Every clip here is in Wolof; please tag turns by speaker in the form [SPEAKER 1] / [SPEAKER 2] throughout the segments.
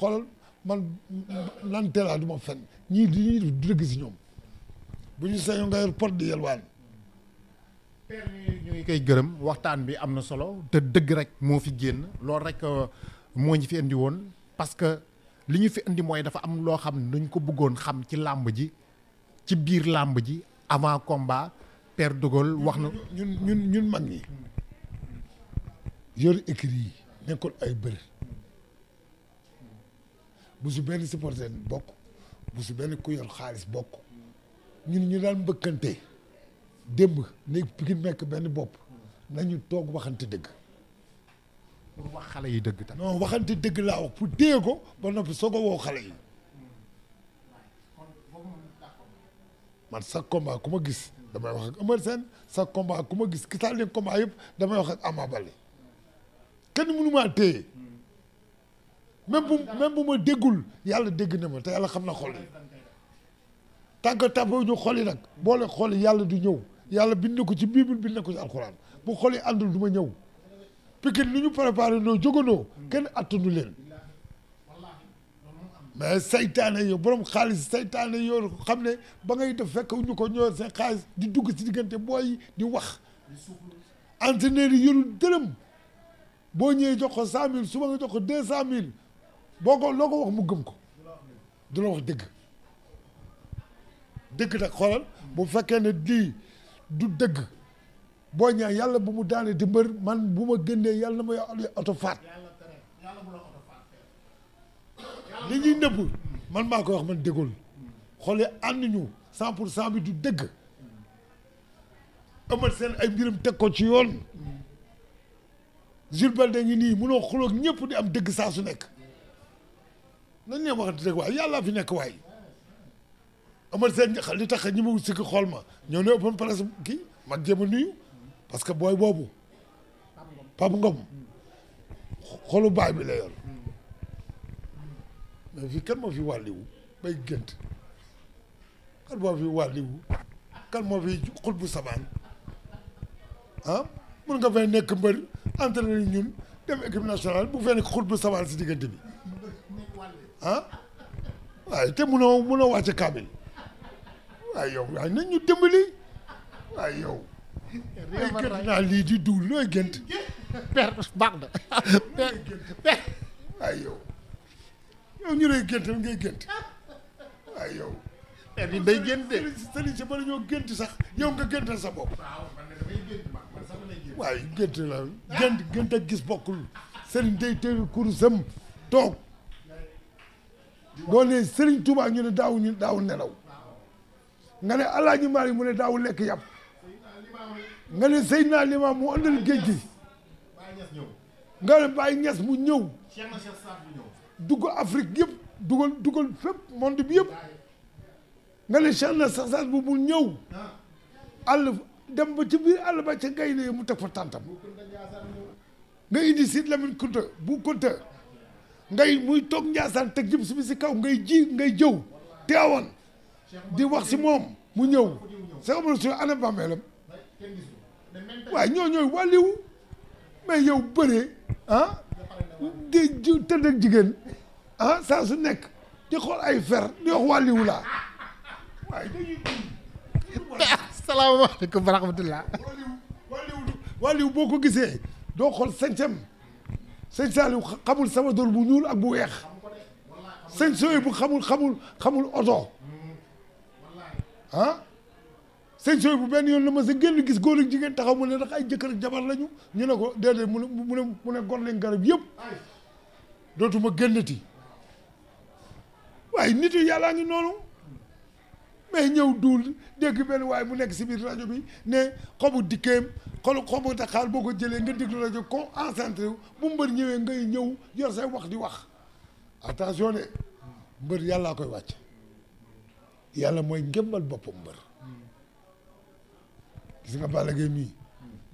[SPEAKER 1] xol man nan teelaa du ma fen ñii di ñuy dëgg si ñoom
[SPEAKER 2] bu ñu sañoon nga yor pot di yelwaan ñu ngi koy gërëm waxtaan bi am na solo te dëgg rek moo fi génn loolu rek euh, moo ñu fi indi woon parce que li ñu fi indi mooy dafa am loo xam ne dañ ko bëggoon xam ci làmb ji ci biir làmb ji avant combat père de wax na ñun ñun ñun mag ñi yor écrit yi nekkoon ay bëri
[SPEAKER 1] bu su benn supporter bokk bu su benn ku yor xaalis bokk ñun ñu daan mbëkkante démb ni Pikine nekk benn bopp nañu toog waxante dëgg.
[SPEAKER 2] pour wax xale yi dëgg tam.
[SPEAKER 1] non waxante dëgg laa wax pour téye ko ba noppi soog a wow xale yi. man sa combat ku ma gis damay wax ak Eumeu sa combat ku ma gis gisaal leen combat yëpp wax ak kenn mënu maa téye. même bu même bu ma déggul yàlla dégg na ma te yàlla xam na xol yi tant que tàppoo ñu xol yi nag boole xol yàlla du ñëw yàlla bind na ko ci bible bind na ko ci alxuraan bu xol yi àndul du ma ñëw Pikine lu ñu préparé noo jóganoo kenn attanu leen mais saytaane yow borom xaalis saytaane yow xam ne ba ngay def fekk ñu ko ñëw seen xaalis di dugg ci diggante booy di wax entraîneur yi yorul dërëm boo ñëwee jox ko cent mille suba nga jox ko deux cent mille boo ko loo ko wax mu gëm ko du la wax dëgg dëgg nag xoolal bu fekkee ne lii du dëgg boo ñaa yàlla bu mu daane di mbër man bu ma génnee yàlla na ma oto faat li ñuy nëbb man maa koy wax man déggul xoole ànd ñu pour cent bi du dëgg ëmmal seen ay mbiram teg ko ci yoon Jules Baldé ñi nii munoo xuloog ñëpp di am dëgg saa su nekk nan nee wax dëgg waay yàlla fi nekk waay Amar Sène li tax ñi mu sikki xool ma ñoo ne open presse kii man jéem a nuyu parce que booy boobu Pape Ngom xolu baay bi la mais fii kenn moo fi wàlliwu bay gént kan moo fi wàlliwu kan moo fi xul bu samaan ah mun nga fay nekk mbër entraîneur ñun dem équipe nationale bu fay nekk xul bu samaan si diggante bi ah waaye te munoo munoo wàcce kaamil waaye yow waaye nañ ñu dimbali waaye yow. ay gën naa lii di duul looy gënt. per baax na waaye yow yow ñu lay gëntal ngay gënt waaye yow. per bi day gënt de ñoo gënt sax yow nga gëntal sa bopp. waaye gënt la gënt gënt ak gis bokkul sëriñ day tëru kurusam toog. boo ne Serigne Touba ñu ne daaw daaw nelaw nga ne Alaaji Maalik mu ne daaw lekk yàpp nga ne mu andal géej gi nga ne Baye Niass mu ñëw dugg Afrique yëpp dugal dugal fépp monde bi yëpp nga ne Cheikh na saxsaas bu mu ñëw àll dem ci biir àll ba ca gaynde mu teg fa tàntam nga indi Sidy Lamine Kunta bu Kunta ngay muy toog njaasaan teg jëm si kaw ngay ji ngay jëw teewal di wax si moom mu ñëw Cheikh Amadou Sow ana bàmmeelam waaye ñoo ñooy wàlliw mais yow bëree ah di tëdd jigéen ah, saa su nekk di xool ay fer di wax wàlliwu laa waaye dañuy
[SPEAKER 2] asalaamaaleykum wa rahmatullah
[SPEAKER 1] boo ko gisee doo xool sañcam sëñ Saliou xamul sama dor bu ñuul ak bu weex sëñ Soye bu xamul xamul xamul oto ah sëñ bu benn yoon la ma sa génn gis góor ak jigéen taxaw mu ne ndax ay jëkkër ak jabar lañu ñu ne ko dee mu ne mu ne mu ne gor leen garab yëpp dootuma génnati waaye nit yi yàllaa ngi noonu mais ñëw duul dégg benn waaye mu nekk si biir rajo bi ne xobu dikkeem xolu xobu daqaar boo ko jëlee nga déglu rajo ko encentré wu bu mbër ñëwee ngay ñëw yor say wax di wax attention de mbër yàllaa koy wàcc yàlla mooy ngémbal boppam mbër gis nga Balla Gaye mii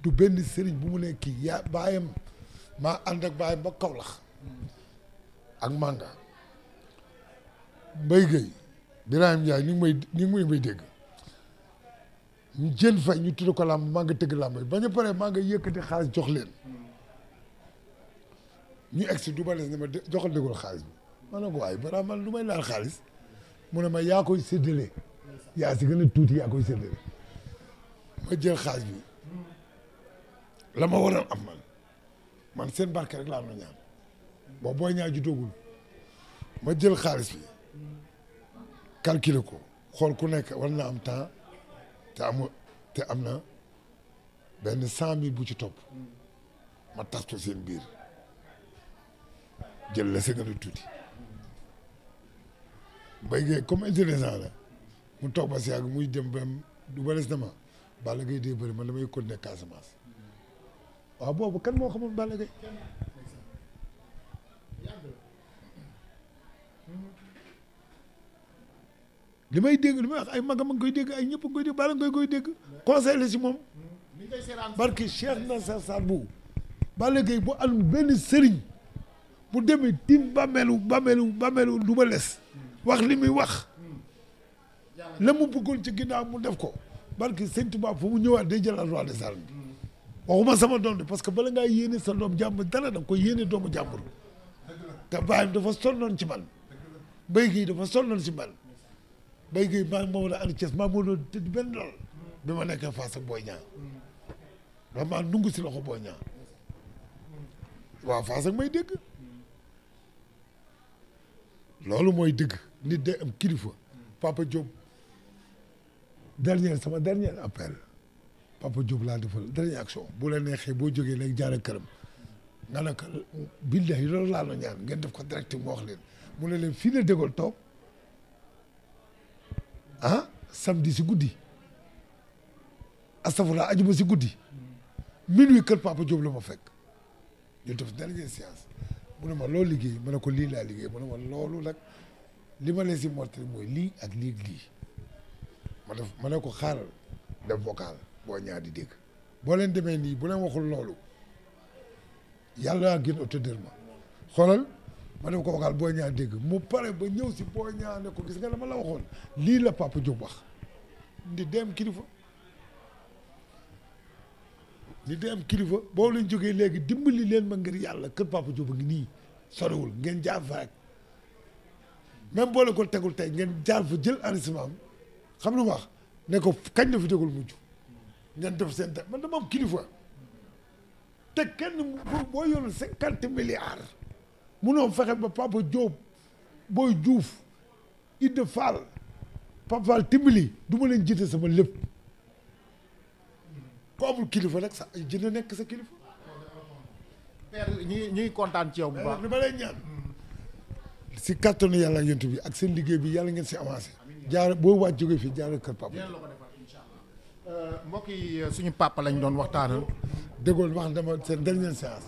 [SPEAKER 1] du benn sëriñ bu mu ne kii yaa baayam maa ànd ak baayam ba Kaolack ak Manga Mbaye Gueye Birahim Ndiaye ñu ngi may ñu ngi may dégg ñu jël fay ñu tudd ko làmb maa nga tëgg làmb ba ñu paree maa nga yëkkati xaalis jox leen ñu egg dubale dubales ne ma joxal dégul xaalis bi ma ne ko waaye bara man lu may laal xaalis mu ne ma yaa seddale séddale si gën a tuuti yaa koy séddale ma jël xaalis bi la ma waroon am man man seen barke rek laa am na ñaan boo booy ñaa judoogul ma jël xaalis bi calculer ko xool ku nekk war na am temps te te am na benn cent mille bu ci topp ma tas ko seen biir jël la sa a tuuti Mbaye Gueye comme intéressant la mu toog ba si yàgg muy jëm ba du bales na ma Balla Gaye dee bëri man damay continuer Casamance waaw boobu kan moo xamoon Balla Gaye li may dégg li may wax ay mag a ma ngi koy dégg ay ñëpp a ngi koy dégg baala nga koy dégg conseil si moom barki Cheikh Nassar Sarr bu Balla Gaye bu alul benn sëriñ bu demee tim bàmmeelu bàmmeelu bàmmeelu du ba les wax li muy wax la mu bëggoon ci ginnaaw mu def ko barki sëñ Tuubaa fu mu ñëwaat day jëlaat roi des arènes waxuma sama doom de parce que bala ngaa yéene sa doom jàmbur dara da nga koy yéene doomu jàmbur te baayam dafa sonnoon ci man béy gi dafa sonnoon ci man Mbaye Guèye maa moom la ànd Thiès maa moo doon tëdd benn lool bi ma nekk face ak Boy Niang man maa nungu si loxo Boy Niang waaw face ak may dégg loolu mooy dëgg nit day am kilifa Papa Diop dernier sama dernier appel Papa Diop laa defal dernier action bu la neexee boo jógee léegi jaar ak këram nga ne ko billahi loolu laa la ñaan ngeen def ko direct mu wax leen mu ne leen fii la déggoo ah samedi si guddi astafurlah ajuma si guddi minuit kër papa Diop la ma fekk ñu def dernière séance mu ne ma loolu liggéey ma ne ko lii laa liggéey mu ne ma loolu nag li ma leen si mortali mooy lii ak lii lii ma def ma ne ko xaaral def vocal boo ñaar di dégg boo leen demee nii bu leen waxul loolu yàlla gën a tëddal ma ma ne ko waxal booy ñaa dégg mu pare ba ñëw si boo ñaa ne gis nga dama la waxoon lii la Papa Diop wax ndi dem kilifa ndi dem kilifa boo leen jógee léegi dimbali leen ma ngir yàlla kër Papa Diop a ngi nii soriwul ngeen jaar fa rek même boo tegul tey ngeen jaar fa jël enregistrement am xam lu wax ne ko kañ la fi tegul mujj ngeen def seen teg man dama am kilifa te kenn boo yoroon cinquante milliards munoo fexe ba papa jóob booy juuf Idda Fall papa Fall timbali du leen jiite sama lépp ku amul kilifa nag sa jënd nekk sa kilifa.
[SPEAKER 2] père ñi ñuy kontaan ci yow bu baax. li ma leen ñaan.
[SPEAKER 1] si kattanu yàlla yont bi ak seen liggéey bi yàlla ngeen si avancé. jaar boo wàcc jógee fii jaar kër papa.
[SPEAKER 2] Euh, mbokk yi suñu papa lañ doon waxtaanal. déggoon wax dama seen dernière séance.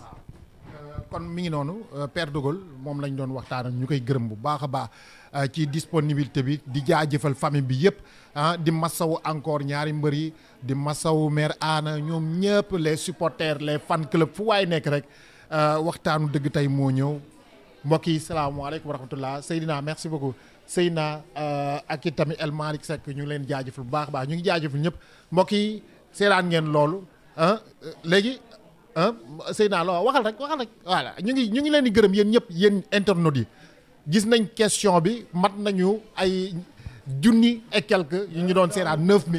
[SPEAKER 2] kon mi ngi noonu euh, Père de moom lañ doon waxtaan ñu koy gërëm bu baax a baax euh, ci disponibilité bi di jëfal famille bi yëpp ah di masawu encore ñaari mbër yi di masawu mère Anna ñoom ñëpp les supporters les fan club fu waay nekk rek euh, waxtaanu dëgg tey moo ñëw mbokk yi salaamaaleykum wa rahmatullah Seydina merci beaucoup Seydina ak itamit El Malick Seck ñu ngi leen jaajëfal bu baax a baax ñu ngi jaajëfal ñëpp mbokk yi seeraan ngeen loolu ah, léegi. ah Seydina Lo waxal rek waxal rek voilà ñu ngi ñu ngi leen di gërëm yéen ñëpp yéen internautes yi gis nañ question bi mat nañu ay junni et quelques yu ñu doon seetaan neuf mille